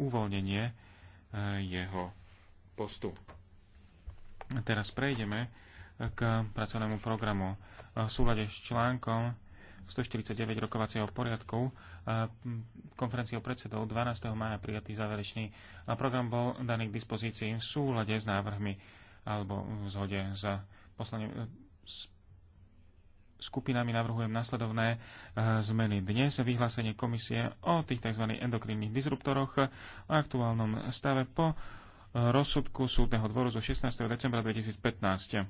uvoľnenie e, jeho postu. Teraz prejdeme e, k pracovnému programu. E, v súlade s článkom 149 rokovacieho poriadku konferenciou predsedov 12. maja prijatý záverečný program bol daný k dispozícii v súlade s návrhmi alebo v zhode s poslaním skupinami navrhujem nasledovné eh, zmeny. Dnes vyhlásenie komisie o tých tzv. endokrinných disruptoroch o aktuálnom stave po eh, rozsudku súdneho dvoru zo 16. decembra 2015. Eh,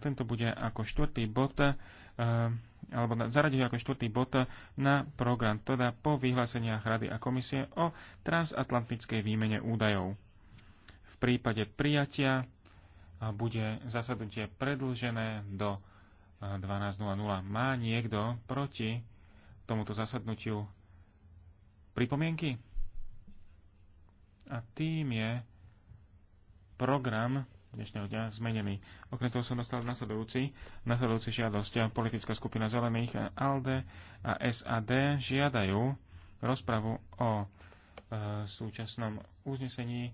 tento bude ako štvrtý bod, alebo zaradí ako štvrtý bod na program, teda po vyhláseniach Rady a komisie o transatlantickej výmene údajov. V prípade prijatia bude zasadnutie predlžené do 12.00. Má niekto proti tomuto zasadnutiu pripomienky? A tým je program dnešného dňa zmenený. Okrem toho som dostal nasledujúci, nasledujúci žiadosť. Politická skupina Zelených, ALDE a SAD žiadajú rozpravu o e, súčasnom uznesení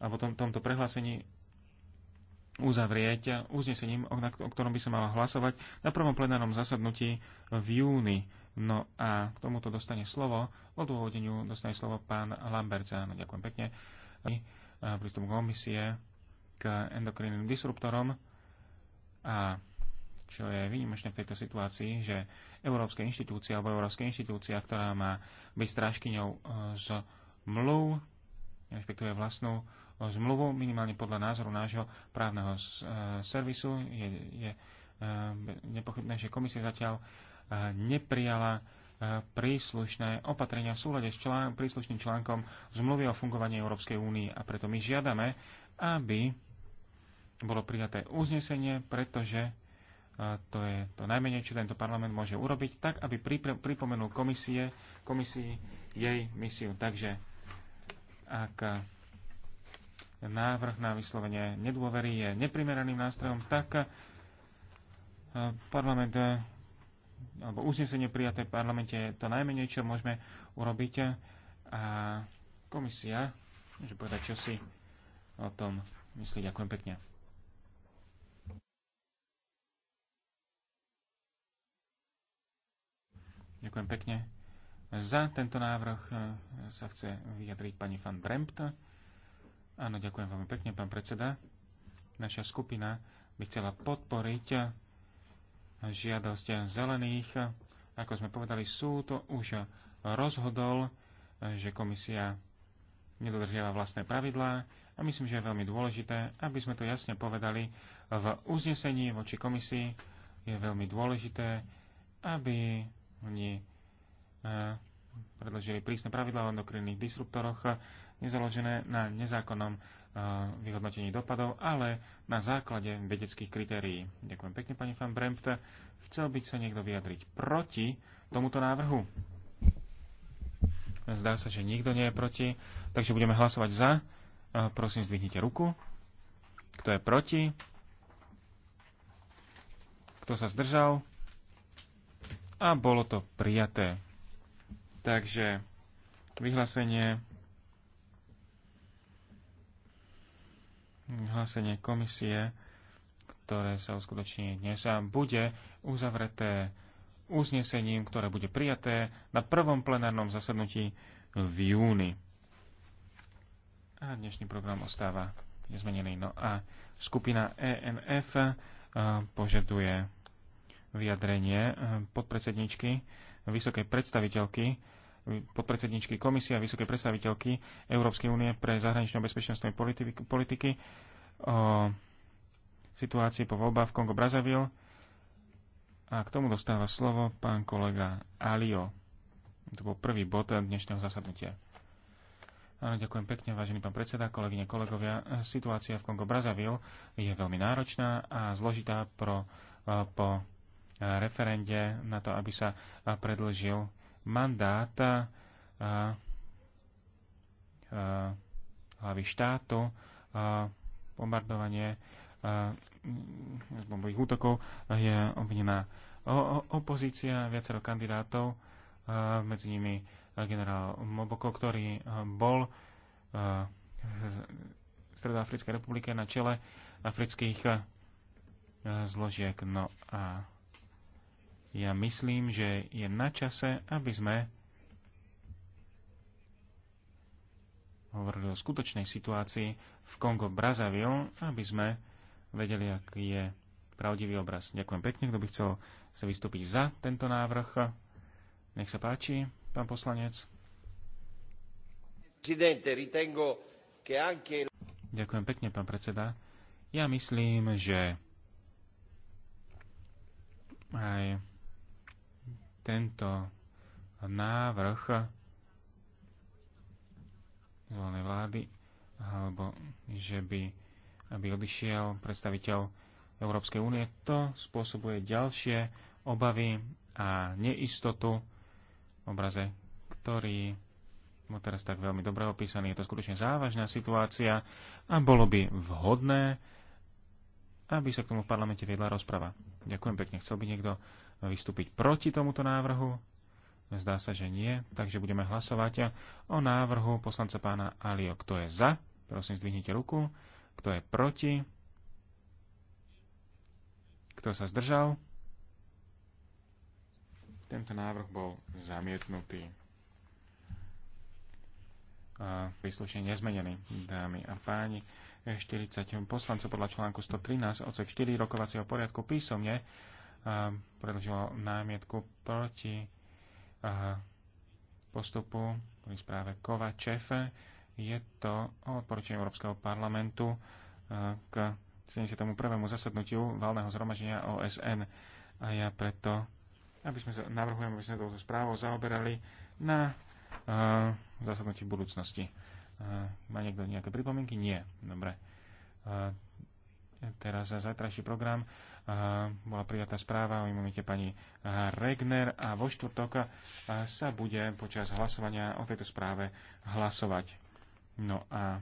alebo tom, tomto prehlásení uzavrieť uznesením, o ktorom by sa mala hlasovať na prvom plenárnom zasadnutí v júni. No a k tomuto dostane slovo, o dôvodeniu dostane slovo pán Lambert. Áno, ďakujem pekne. Prístup komisie k endokrinným disruptorom a čo je výnimočné v tejto situácii, že Európska inštitúcia alebo Európska inštitúcia, ktorá má byť strážkyňou e, z mluv, rešpektuje vlastnú eh, zmluvu, minimálne podľa názoru nášho právneho eh, servisu. Je, je eh, nepochybné, že komisia zatiaľ neprijala príslušné opatrenia v súlade s člán, príslušným článkom zmluvy o fungovaní Európskej únie a preto my žiadame, aby bolo prijaté uznesenie, pretože to je to najmenej, čo tento parlament môže urobiť, tak aby pripomenul komisie, komisii jej misiu. Takže ak návrh na vyslovenie nedôvery je neprimeraným nástrojom, tak eh, parlament eh, alebo uznesenie prijaté v parlamente je to najmenej, čo môžeme urobiť a komisia môže povedať, čo si o tom myslí. Ďakujem pekne. Ďakujem pekne. Za tento návrh e, sa chce vyjadriť pani van Brempt. Áno, ďakujem veľmi pekne, pán predseda. Naša skupina by chcela podporiť žiadosť zelených. Ako sme povedali, súd už rozhodol, že komisia nedodržiava vlastné pravidlá a myslím, že je veľmi dôležité, aby sme to jasne povedali v uznesení voči komisii. Je veľmi dôležité, aby oni E, predložili prísne pravidla o endokrinných disruptoroch, e, nezaložené na nezákonnom e, vyhodnotení dopadov, ale na základe vedeckých kritérií. Ďakujem pekne, pani van Bremt. Chcel by sa niekto vyjadriť proti tomuto návrhu? Zdá sa, že nikto nie je proti, takže budeme hlasovať za. Prosím, zdvihnite ruku. Kto je proti? Kto sa zdržal? A bolo to prijaté. Takže vyhlásenie vyhlásenie komisie, ktoré sa uskutoční dnes a bude uzavreté uznesením, ktoré bude prijaté na prvom plenárnom zasadnutí v júni. A dnešný program ostáva nezmenený. No a skupina ENF eh, požaduje vyjadrenie eh, podpredsedničky vysokej predstaviteľky podpredsedničky komisie a vysokej predstaviteľky Európskej únie pre zahraničnú bezpečnostné politiky o situácii po voľbách v Kongo Brazzaville. A k tomu dostáva slovo pán kolega Alio. To bol prvý bod dnešného zasadnutia. Áno, ďakujem pekne, vážený pán predseda, kolegyne, kolegovia. Situácia v Kongo Brazzaville je veľmi náročná a zložitá pro, po Eh, referende na to, aby sa eh, predlžil mandát eh, hlavy štátu, bombardovanie z bombových útokov je obvinená opozícia, viacero kandidátov, medzi nimi generál Moboko, ktorý bol v Stredoafrickej republike na čele afrických zložiek. No a ja myslím, že je na čase, aby sme hovorili o skutočnej situácii v Kongo Brazzaville, aby sme vedeli, aký je pravdivý obraz. Ďakujem pekne, kto by chcel sa vystúpiť za tento návrh. Nech sa páči, pán poslanec. Ďakujem pekne, pán predseda. Ja myslím, že aj tento návrh voľnej vlády, alebo že by aby odišiel predstaviteľ Európskej únie, to spôsobuje ďalšie obavy a neistotu v obraze, ktorý mu teraz tak veľmi dobre opísaný. Je to skutočne závažná situácia a bolo by vhodné, aby sa k tomu v parlamente viedla rozprava. Ďakujem pekne. Chcel by niekto vystúpiť proti tomuto návrhu? Zdá sa, že nie, takže budeme hlasovať o návrhu poslanca pána Alio. Kto je za? Prosím, zdvihnite ruku. Kto je proti? Kto sa zdržal? Tento návrh bol zamietnutý. A príslušne nezmenený, dámy a páni. 40 poslancov podľa článku 113 odsek 4 rokovacieho poriadku písomne predložilo námietku proti postupu pri správe Kovačev. Je to odporučenie Európskeho parlamentu k 71. zasadnutiu valného zhromaženia OSN. A ja preto aby sme sa, navrhujem, aby sme touto správou zaoberali na uh, zasadnutí budúcnosti. Uh, má niekto nejaké pripomienky? Nie. Dobre. Uh, teraz zajtrajší program bola prijatá správa o imunite pani Regner a vo štvrtok sa bude počas hlasovania o tejto správe hlasovať. No a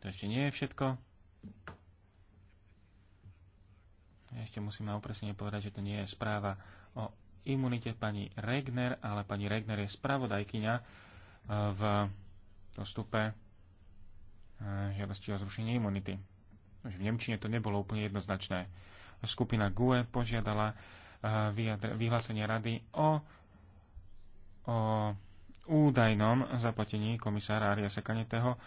to ešte nie je všetko. Ešte musím na upresnenie povedať, že to nie je správa o imunite pani Regner, ale pani Regner je spravodajkyňa e, v dostupe e, žiadosti o zrušenie imunity v Nemčine to nebolo úplne jednoznačné. Skupina GUE požiadala eh, vyhlásenie rady o, o údajnom zaplatení komisára Ariasa Kaneteho eh,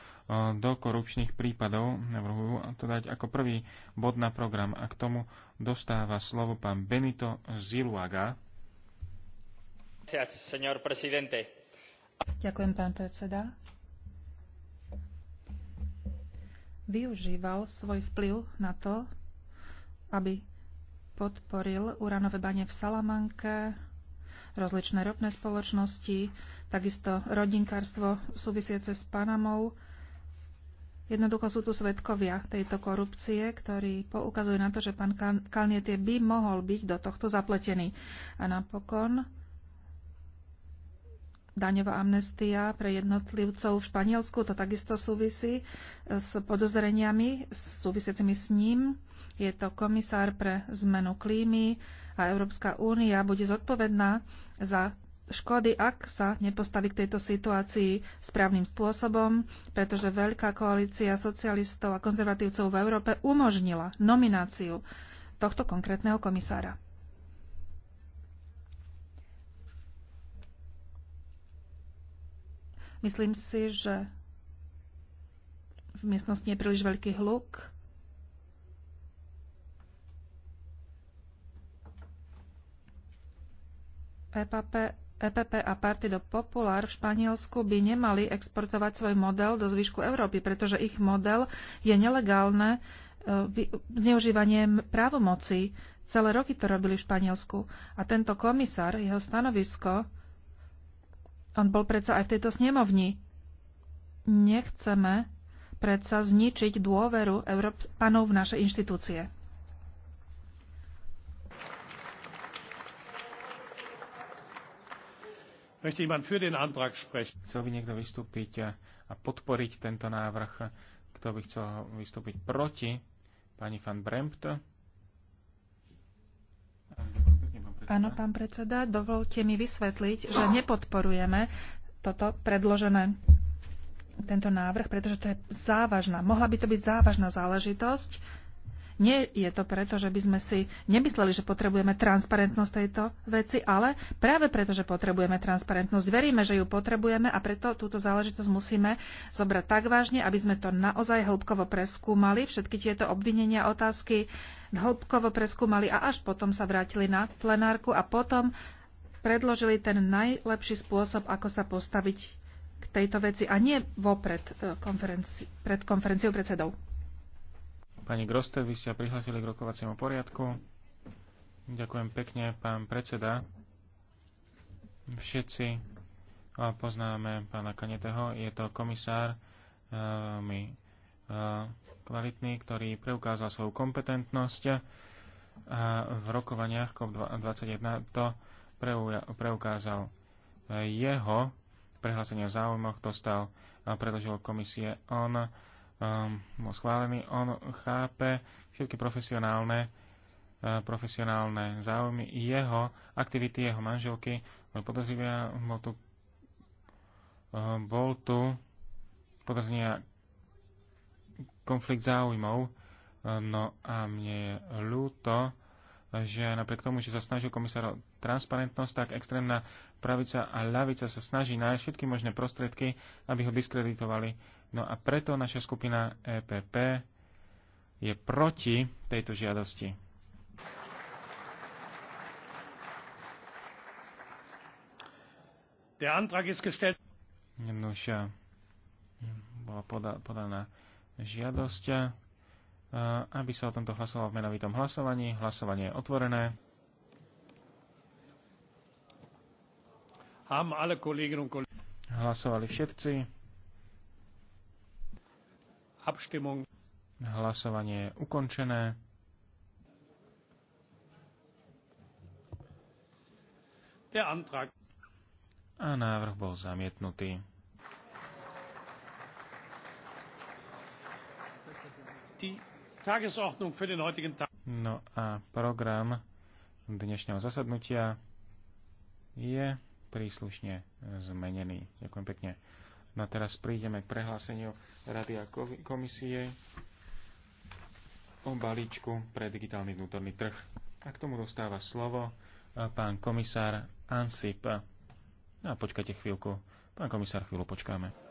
do korupčných prípadov. Navrhujú to dať ako prvý bod na program a k tomu dostáva slovo pán Benito Ziluaga. Ďakujem, pán predseda. využíval svoj vplyv na to, aby podporil uranové bane v Salamanke, rozličné ropné spoločnosti, takisto rodinkárstvo súvisiace s Panamou. Jednoducho sú tu svetkovia tejto korupcie, ktorí poukazujú na to, že pán Kalnietie by mohol byť do tohto zapletený. A napokon daňová amnestia pre jednotlivcov v Španielsku. To takisto súvisí s podozreniami súvisiacimi s ním. Je to komisár pre zmenu klímy a Európska únia bude zodpovedná za škody, ak sa nepostaví k tejto situácii správnym spôsobom, pretože veľká koalícia socialistov a konzervatívcov v Európe umožnila nomináciu tohto konkrétneho komisára. Myslím si, že v miestnosti je príliš veľký hluk. EPP, EPP a Partido Popular v Španielsku by nemali exportovať svoj model do zvyšku Európy, pretože ich model je nelegálne e, zneužívanie právomoci. Celé roky to robili v Španielsku. A tento komisár, jeho stanovisko on bol predsa aj v tejto snemovni. Nechceme predsa zničiť dôveru Európanov v naše inštitúcie. Chcel by niekto vystúpiť a podporiť tento návrh? Kto by chcel vystúpiť proti? Pani van Brempt? Áno, pán predseda, dovolte mi vysvetliť, že nepodporujeme toto predložené tento návrh, pretože to je závažná, mohla by to byť závažná záležitosť, nie je to preto, že by sme si nemysleli, že potrebujeme transparentnosť tejto veci, ale práve preto, že potrebujeme transparentnosť, veríme, že ju potrebujeme a preto túto záležitosť musíme zobrať tak vážne, aby sme to naozaj hĺbkovo preskúmali, všetky tieto obvinenia, otázky hĺbkovo preskúmali a až potom sa vrátili na plenárku a potom predložili ten najlepší spôsob, ako sa postaviť k tejto veci a nie vopred eh, konferenci- pred konferenciou predsedov. Pani Groste, vy ste prihlasili k rokovaciemu poriadku. Ďakujem pekne, pán predseda. Všetci poznáme pána Kaneteho. Je to komisár veľmi kvalitný, ktorý preukázal svoju kompetentnosť a v rokovaniach COP21 to preukázal. Jeho prehlásenie o záujmoch dostal, predložil komisie on Ehm, bol schválený, on chápe všetky profesionálne, eh, profesionálne záujmy. Jeho aktivity, jeho manželky boli podozrivé, bol tu, eh, bol tu podozrenia konflikt záujmov. Eh, no a mne je ľúto, že napriek tomu, že sa snažil komisár o transparentnosť, tak extrémna pravica a ľavica sa snaží nájsť všetky možné prostriedky, aby ho diskreditovali No a preto naša skupina EPP je proti tejto žiadosti. Der Antrag ist gestellt. Jednoduchšia hm, bola poda, podaná žiadosť, aby sa o tomto hlasovalo v menovitom hlasovaní. Hlasovanie je otvorené. Hlasovali všetci. Abstimmung. Hlasovanie je ukončené. Der Antrag. A návrh bol zamietnutý. Die Tagesordnung für den heutigen Tag. No a program dnešného zasadnutia je príslušne zmenený. Ďakujem pekne. No a teraz prídeme k prehláseniu Rady a komisie o balíčku pre digitálny vnútorný trh. A k tomu dostáva slovo e, pán komisár Ansip. No a počkajte chvíľku. Pán komisár, chvíľu počkáme.